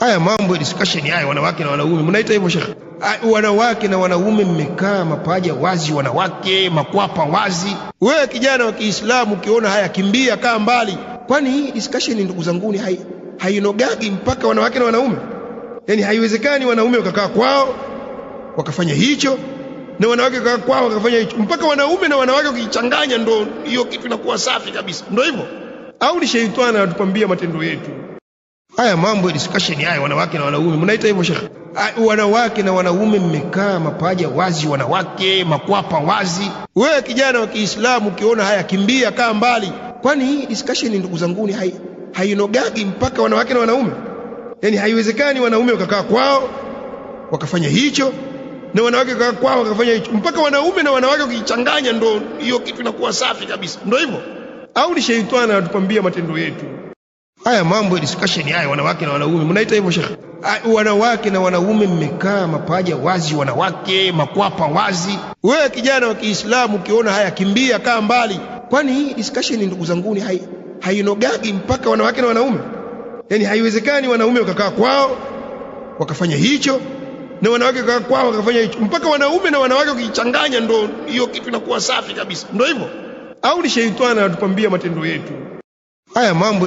Haya mambo ya discussion haya, wanawake na wanaume, mnaita hivyo shekhe? Ah, wanawake na wanaume mmekaa mapaja wazi, wanawake makwapa wazi. Wewe kijana wa Kiislamu ukiona haya kimbia, kaa mbali, kwani hii discussion ndugu zanguni hai hainogagi mpaka wanawake na wanaume? Yaani haiwezekani wanaume wakakaa kwao wakafanya hicho na wanawake wakakaa kwao wakafanya hicho, mpaka wanaume na wanawake wakichanganya, ndo hiyo kitu inakuwa safi kabisa. Ndo hivyo au ni sheitani anatupambia matendo yetu? Haya mambo ya discussion haya, wanawake na wanaume mnaita hivyo shekhe? Ah, wanawake na wanaume mmekaa mapaja wazi, wanawake makwapa wazi. Wewe kijana wa Kiislamu ukiona haya kimbia, kaa mbali. Kwani hii discussion ndugu zanguni hai hainogagi mpaka wanawake na wanaume? Yaani haiwezekani wanaume wakakaa kwao wakafanya hicho na wanawake wakakaa kwao wakafanya hicho, mpaka wanaume na wanawake wakichanganya, ndo hiyo kitu inakuwa safi kabisa. Ndo hivyo au ni sheitani anatupambia matendo yetu? Haya mambo ya discussion haya, wanawake na wanaume, mnaita hivyo shekhe? Ah, wanawake na wanaume mmekaa mapaja wazi, wanawake makwapa wazi. Wewe kijana wa Kiislamu ukiona haya kimbia, kaa mbali, kwani hii discussion ndugu zanguni hai, hainogagi mpaka wanawake na wanaume? Yaani haiwezekani wanaume wakakaa kwao wakafanya hicho na wanawake wakakaa kwao wakafanya hicho, mpaka wanaume na wanawake wakichanganya, ndo hiyo kitu inakuwa safi kabisa. Ndo hivyo au ni sheitani anatupambia matendo yetu haya mambo